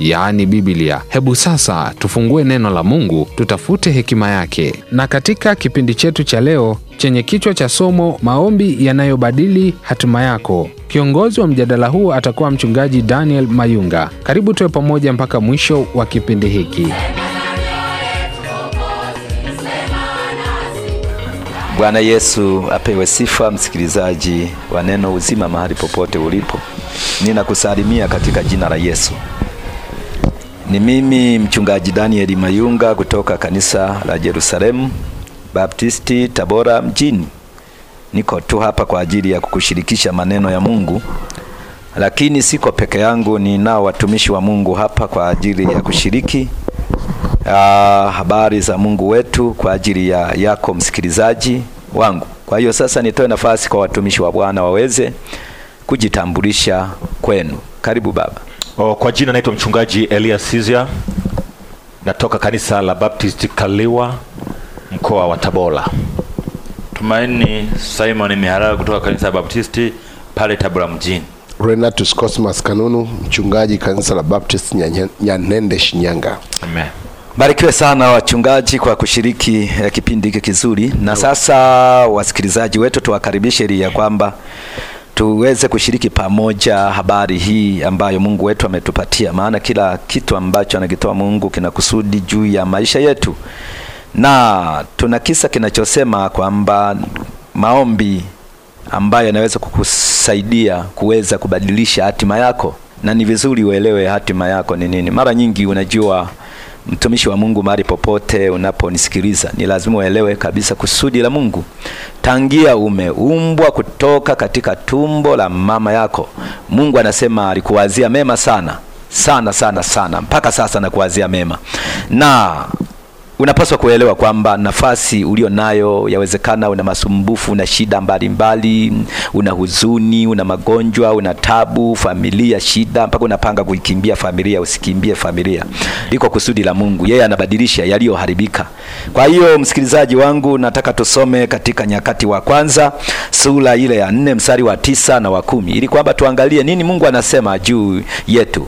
yaani Biblia. Hebu sasa tufungue neno la Mungu, tutafute hekima yake. Na katika kipindi chetu cha leo chenye kichwa cha somo maombi yanayobadili hatima yako, kiongozi wa mjadala huu atakuwa mchungaji Daniel Mayunga. Karibu tuwe pamoja mpaka mwisho wa kipindi hiki. Bwana Yesu apewe sifa. Msikilizaji wa Neno Uzima, mahali popote ulipo, ninakusalimia katika jina la Yesu. Ni mimi mchungaji Daniel Mayunga kutoka kanisa la Yerusalemu Baptisti Tabora mjini. Niko tu hapa kwa ajili ya kukushirikisha maneno ya Mungu, lakini siko peke yangu, ninao watumishi wa Mungu hapa kwa ajili ya kushiriki ah, habari za Mungu wetu kwa ajili ya yako msikilizaji wangu. Kwa hiyo sasa nitoe nafasi kwa watumishi wa Bwana waweze kujitambulisha kwenu. Karibu baba. Oh, kwa jina naitwa mchungaji Elias Sizia natoka kanisa la Baptist Kaliwa mkoa wa Tabora. Tumaini Simon Miharaga kutoka kanisa la Baptist pale Tabora mjini. Renatus Cosmas Kanunu mchungaji kanisa la Baptist Nyanende Shinyanga. Amen. Barikiwe sana wachungaji kwa kushiriki eh, kipindi hiki kizuri na sasa wasikilizaji wetu tuwakaribishe ili ya kwamba tuweze kushiriki pamoja habari hii ambayo Mungu wetu ametupatia, maana kila kitu ambacho anakitoa Mungu kina kusudi juu ya maisha yetu, na tuna kisa kinachosema kwamba maombi ambayo yanaweza kukusaidia kuweza kubadilisha hatima yako, na ni vizuri uelewe hatima yako ni nini. Mara nyingi unajua Mtumishi wa Mungu, mahali popote unaponisikiliza, ni lazima uelewe kabisa kusudi la Mungu. Tangia umeumbwa kutoka katika tumbo la mama yako, Mungu anasema alikuwazia mema sana sana sana sana, mpaka sasa nakuwazia mema na unapaswa kuelewa kwamba nafasi ulio nayo yawezekana una masumbufu, una shida mbalimbali, una huzuni, una magonjwa, una tabu, familia shida, mpaka unapanga kuikimbia familia. Usikimbie familia, liko kusudi la Mungu. Yeye anabadilisha yaliyoharibika. Kwa hiyo, msikilizaji wangu, nataka tusome katika Nyakati wa Kwanza sura ile ya nne mstari wa tisa na wa kumi ili kwamba tuangalie nini Mungu anasema juu yetu.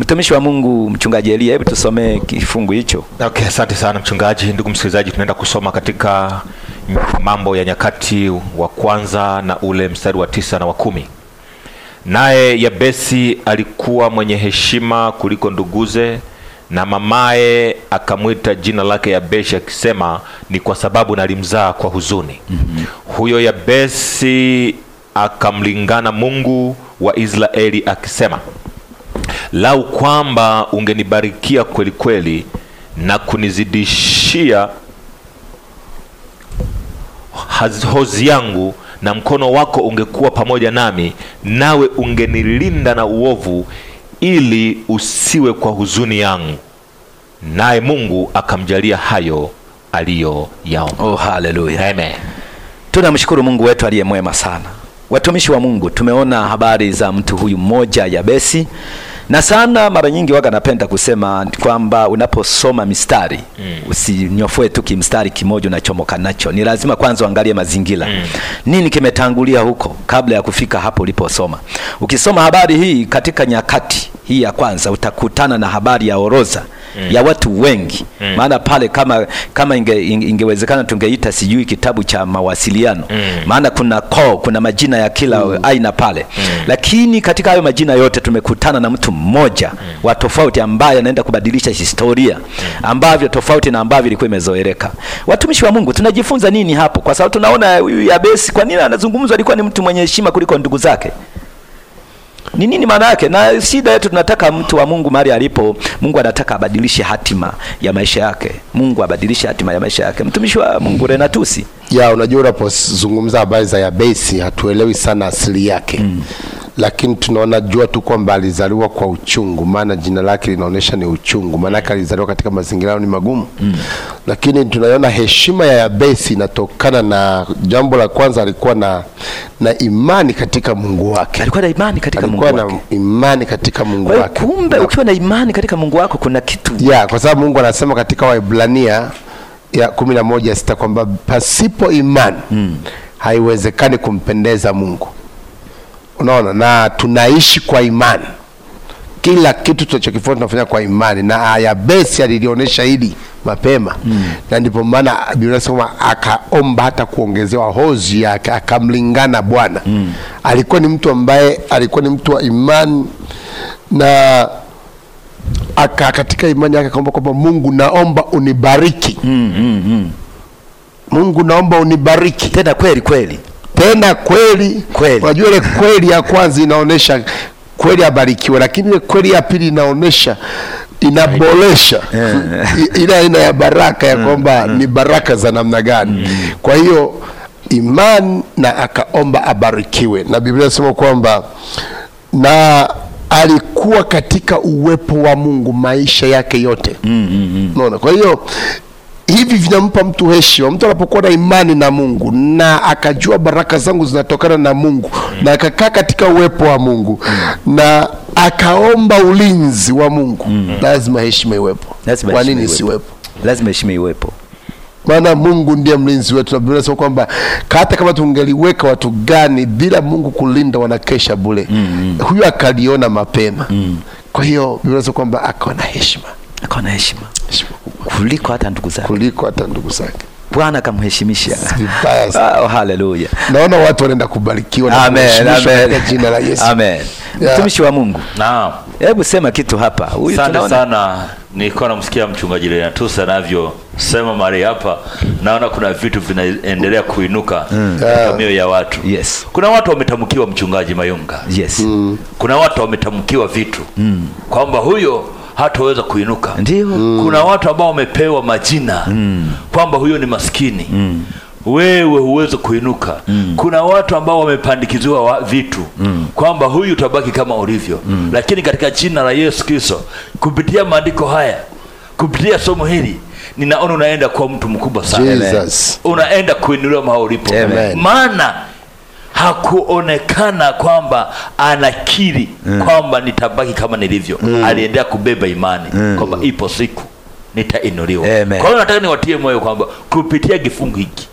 Mtumishi wa Mungu mchungaji Elia, hebu tusomee kifungu hicho. Okay, asante sana mchungaji. Ndugu msikilizaji, tunaenda kusoma katika Mambo ya Nyakati wa kwanza na ule mstari wa tisa na wa kumi. Naye Yabesi alikuwa mwenye heshima kuliko nduguze, na mamaye akamwita jina lake Yabeshi akisema, ni kwa sababu nalimzaa kwa huzuni. mm -hmm. Huyo Yabesi akamlingana Mungu wa Israeli akisema lau kwamba ungenibarikia kweli kweli na kunizidishia hozi yangu na mkono wako ungekuwa pamoja nami, nawe ungenilinda na uovu, ili usiwe kwa huzuni yangu. Naye Mungu akamjalia hayo aliyoyaomba. Oh, haleluya, amen. Tunamshukuru Mungu wetu aliye mwema sana. Watumishi wa Mungu, tumeona habari za mtu huyu mmoja Yabesi na sana mara nyingi waga napenda kusema kwamba unaposoma mistari mm. usinyofoe tu kimstari kimoja unachomoka nacho. Ni lazima kwanza uangalie mazingira mm. nini kimetangulia huko kabla ya kufika hapo uliposoma. Ukisoma habari hii katika nyakati hii ya kwanza utakutana na habari ya orodha mm. ya watu wengi mm. maana pale kama, kama inge, ingewezekana tungeita sijui kitabu cha mawasiliano mm. maana kuna call, kuna majina ya kila mm. aina pale mm. lakini katika hayo majina yote tumekutana na mtu mmoja mm. wa tofauti ambaye anaenda kubadilisha historia mm. ambavyo tofauti na ambavyo ilikuwa imezoeleka. Watumishi wa Mungu tunajifunza nini hapo? Kwa sababu tunaona huyu Yabesi, kwa nini anazungumzwa? Alikuwa ni mtu mwenye heshima kuliko ndugu zake. Ni nini maana yake? Na shida yetu tunataka mtu wa Mungu mahali alipo, Mungu anataka abadilishe hatima ya maisha yake. Mungu abadilishe hatima ya maisha yake. Mtumishi wa Mungu Renatusi. Ya, unajua unapozungumza habari za Yabesi hatuelewi sana asili yake. Mm lakini tunaona jua tu kwamba alizaliwa kwa uchungu, maana jina lake linaonyesha ni uchungu, maanake alizaliwa katika mazingira ni magumu mm. Lakini tunaiona heshima ya Yabesi inatokana na jambo la kwanza, alikuwa na na imani katika Mungu wake, alikuwa na imani katika Mungu wake, imani katika Mungu wake. Kumbe ukiwa na imani katika Mungu wako kuna kitu yeah, kwa sababu Mungu anasema katika Waebrania ya kumi na moja sita kwamba pasipo imani mm. haiwezekani kumpendeza Mungu unaona, na tunaishi kwa imani. Kila kitu tunachokifanya tunafanya kwa imani, na besi alilionyesha hili mapema mm. na ndipo maana Biblia inasema akaomba hata kuongezewa hozi yake, akamlingana Bwana mm. alikuwa ni mtu ambaye alikuwa ni mtu wa imani na aka, katika imani yake akaomba kwamba Mungu naomba unibariki mm, mm, mm. Mungu naomba unibariki tena kweli kweli tena kweli kweli. Unajua ile kweli ya kwanza inaonesha kweli abarikiwe, lakini ile kweli ya pili inaonesha inabolesha eh. ile aina ya baraka ya mm. kwamba mm. ni baraka za namna gani. Mm. Kwa hiyo imani, na akaomba abarikiwe, na Biblia inasema kwamba na alikuwa katika uwepo wa Mungu maisha yake yote. Unaona, kwa hiyo hivi vinampa mtu heshima. Mtu anapokuwa na imani na Mungu na akajua baraka zangu zinatokana na Mungu mm. na akakaa katika uwepo wa Mungu mm. na akaomba ulinzi wa Mungu, mm. lazima heshima iwepo. Kwa nini isiwepo? Lazima heshima iwepo, maana Mungu ndiye mlinzi wetu, na Biblia kwamba hata kama tungeliweka watu gani bila Mungu kulinda, wanakesha bure. mm -hmm. huyo akaliona mapema. mm Kwa hiyo Biblia kwamba akawa na heshima, akawa na heshima. heshima kuliko hata ndugu zake, kuliko hata ndugu zake. Bwana akamheshimisha. Oh, ah, haleluya! Naona watu wanaenda kubarikiwa na kuheshimishwa kwa jina la Yesu. Amen. Mtumishi wa Mungu, naam, hebu sema kitu hapa. Huyu tunaona sana, nilikuwa namsikia mchungaji Lenatusa navyo sema mahali hapa, naona kuna vitu vinaendelea kuinuka hmm. katika mioyo ya watu. Yes. Kuna watu wametamkiwa, mchungaji Mayunga. Yes. Mm. Kuna watu wametamkiwa vitu mm. kwamba huyo hataweza kuinuka. Ndio. Mm. Kuna watu ambao wamepewa majina mm. kwamba huyo ni maskini mm wewe huwezi kuinuka mm. Kuna watu ambao wamepandikiziwa wa vitu mm. kwamba huyu utabaki kama ulivyo mm. Lakini katika jina la Yesu Kristo, kupitia maandiko haya, kupitia somo hili, ninaona unaenda kuwa mtu mkubwa sana, unaenda kuinuliwa mahali ulipo, maana kuonekana kwamba anakiri mm. kwamba nitabaki kama nilivyo mm. aliendelea kubeba imani mm. kwamba ipo siku nitainuliwa. Kwa hiyo nataka niwatie moyo kwamba kupitia kifungu hiki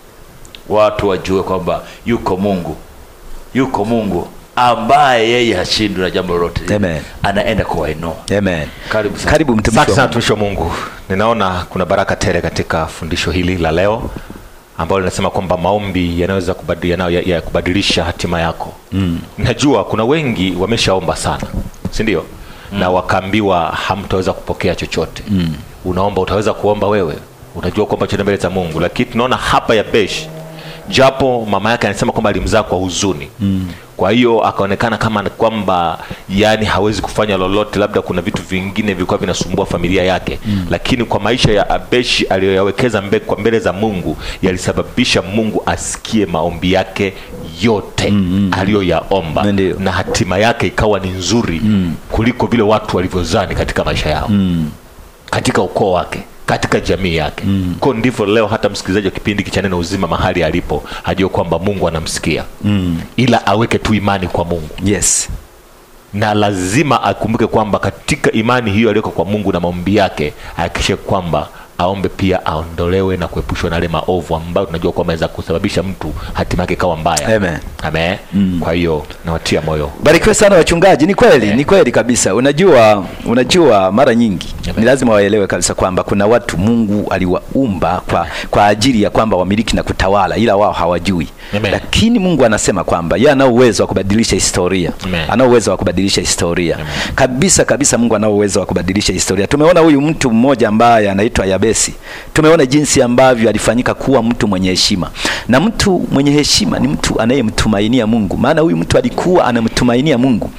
watu wajue kwamba yuko Mungu, yuko Mungu ambaye yeye hashindwi na jambo lolote, anaenda kuwainua. Amen. Karibu sana, karibu mtumishi wa Mungu. Ninaona kuna baraka tele katika fundisho hili la leo ambalo linasema kwamba maombi yanaweza kubadilisha hatima yako mm. Najua kuna wengi wameshaomba sana, si ndio? mm. na wakaambiwa hamtaweza kupokea chochote mm. Unaomba, utaweza kuomba wewe, unajua kwamba chote mbele za Mungu, lakini tunaona hapa Yabeshi, japo mama yake anasema kwamba alimzaa kwa huzuni mm. Kwa hiyo akaonekana kama kwamba yani hawezi kufanya lolote, labda kuna vitu vingine vilikuwa vinasumbua familia yake mm. Lakini kwa maisha ya Abeshi aliyoyawekeza mbe, kwa mbele za Mungu yalisababisha Mungu asikie maombi yake yote mm -hmm. aliyoyaomba na hatima yake ikawa ni nzuri mm. kuliko vile watu walivyozani katika maisha yao mm. katika ukoo wake katika jamii yake mm. Kwa ndivyo leo hata msikilizaji wa kipindi cha Neno Uzima mahali alipo ajue kwamba Mungu anamsikia mm. Ila aweke tu imani kwa Mungu yes. Na lazima akumbuke kwamba katika imani hiyo aliyoweka kwa Mungu na maombi yake ahakikishe kwamba aombe pia aondolewe na kuepushwa na yale maovu ambayo tunajua kwamba inaweza kusababisha mtu hatima yake mbaya. Amen. Amen. Mm. Kwa hiyo nawatia moyo. Barikiwe sana wachungaji. Ni kweli, Ni kweli kabisa. Unajua, unajua mara nyingi Ni lazima waelewe kabisa kwamba kuna watu Mungu aliwaumba kwa, kwa ajili ya kwamba wamiliki na kutawala ila wao hawajui. Amen. Lakini Mungu anasema kwamba yeye ana uwezo wa kubadilisha historia. Ana uwezo wa kubadilisha historia. Amen. Kabisa kabisa Mungu ana uwezo wa kubadilisha historia. Tumeona huyu mtu mmoja ambaye anaitwa Yabesi, tumeona jinsi ambavyo alifanyika kuwa mtu mwenye heshima, na mtu mwenye heshima ni mtu anayemtumainia Mungu. Maana huyu mtu alikuwa anamtumainia Mungu,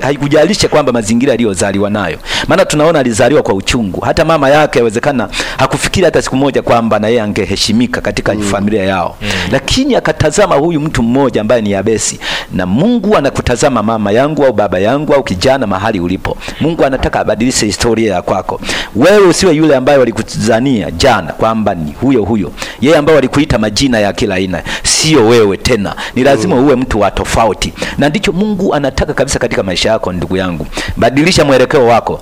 haikujalisha hai kwamba mazingira aliyozaliwa nayo, maana tunaona alizaliwa kwa uchungu. Hata mama yake yawezekana hakufikiri hata siku moja kwamba na yeye angeheshimika katika mm. familia yao mm. lakini akatazama huyu mtu mmoja ambaye ni Yabesi, na Mungu anakutazama mama yangu au baba yangu au kijana mahali ulipo. Mungu anataka abadilishe historia ya kwako wewe, usiwe yule ambaye walikuta Tanzania jana kwamba ni huyo huyo yeye ambaye walikuita majina ya kila aina, sio wewe tena. Ni lazima mm. uwe mtu wa tofauti, na ndicho Mungu anataka kabisa katika maisha yako. Ndugu yangu, badilisha mwelekeo wako.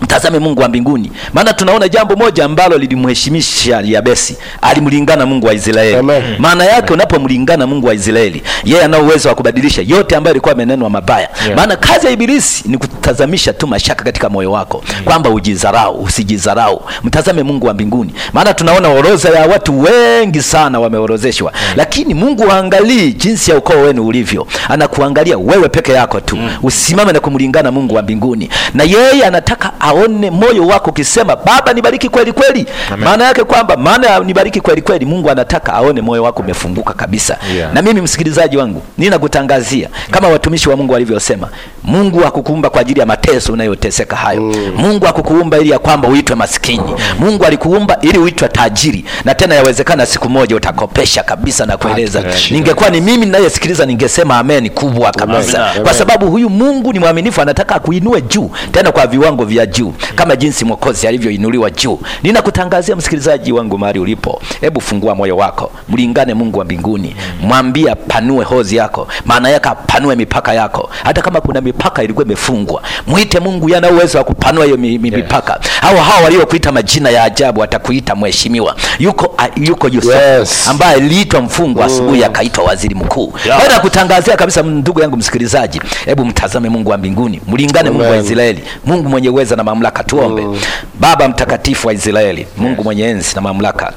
Mtazame Mungu wa mbinguni, maana tunaona jambo moja ambalo lilimheshimisha Yabesi, alimlingana Mungu wa Israeli. Maana yake unapomlingana Mungu wa Israeli, yeye ana uwezo wa kubadilisha yote ambayo ilikuwa imenenwa mabaya, yeah. Maana kazi ya Ibilisi ni kutazamisha tu mashaka katika moyo wako, yeah. Kwamba ujizarau, usijizarau, mtazame Mungu wa mbinguni, maana tunaona orodha ya watu wengi sana wameorozeshwa, yeah. Lakini Mungu haangalii jinsi ya ukoo wenu ulivyo, anakuangalia wewe peke yako tu, mm. Usimame na kumlingana Mungu wa mbinguni, na yeye anataka aone moyo wako ukisema Baba nibariki kweli kweli. Maana yake kwamba maana nibariki kweli kweli, Mungu anataka aone moyo wako umefunguka kabisa. Yeah. Na mimi msikilizaji wangu, ninakutangazia kama watumishi wa Mungu walivyosema, Mungu akukuumba kwa ajili ya mateso unayoteseka hayo. Mm. Mungu akukuumba ili ya kwamba uitwe maskini. mm. Mungu alikuumba ili uitwe tajiri, na tena yawezekana siku moja utakopesha kabisa na kueleza. Ningekuwa ni mimi ninayesikiliza ningesema amen kubwa kabisa, kwa sababu huyu Mungu ni mwaminifu, anataka akuinue juu tena kwa viwango vya juu, kama jinsi Mwokozi alivyoinuliwa juu. Ninakutangazia msikilizaji wangu mahali ulipo, hebu fungua moyo wako, mlingane Mungu wa mbinguni, mwambie panue hozi yako, maana yake apanue mipaka yako, hata kama kuna mipaka ilikuwa imefungwa, mwite Mungu, yana uwezo wa kupanua hiyo mipaka. Hao hao waliokuita majina ya ajabu watakuita mheshimiwa. Yuko uh, yuko Yusuf yes, ambaye aliitwa mfungwa mm, asubuhi akaitwa waziri mkuu. Yeah. Nakutangazia kabisa ndugu yangu msikilizaji, hebu mtazame Mungu wa mbinguni, mlingane Mungu wa Israeli, Mungu mwenye uwezo na mamlaka. Tuombe. Mm. Baba mtakatifu wa Israeli, Mungu mwenye enzi na mamlaka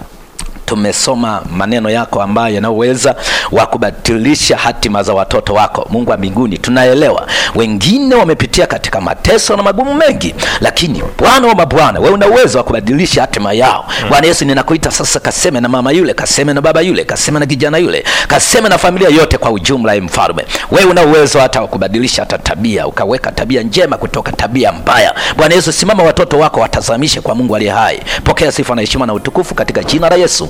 tumesoma maneno yako ambayo yanaweza wakubatilisha hatima za watoto wako, Mungu wa mbinguni. Tunaelewa wengine wamepitia katika mateso na magumu mengi, lakini Bwana wa mabwana, wewe una uwezo wa kubadilisha hatima yao. Hmm. Bwana Yesu, ninakuita sasa, kaseme na mama yule, kaseme na baba yule, kaseme na kijana yule, kaseme na familia yote kwa ujumla. Ye Mfalme, wewe una uwezo hata wa kubadilisha hata tabia, ukaweka tabia njema kutoka tabia mbaya. Bwana Yesu, simama watoto wako watazamishe kwa Mungu aliye hai. Pokea sifa na heshima na utukufu katika jina la Yesu.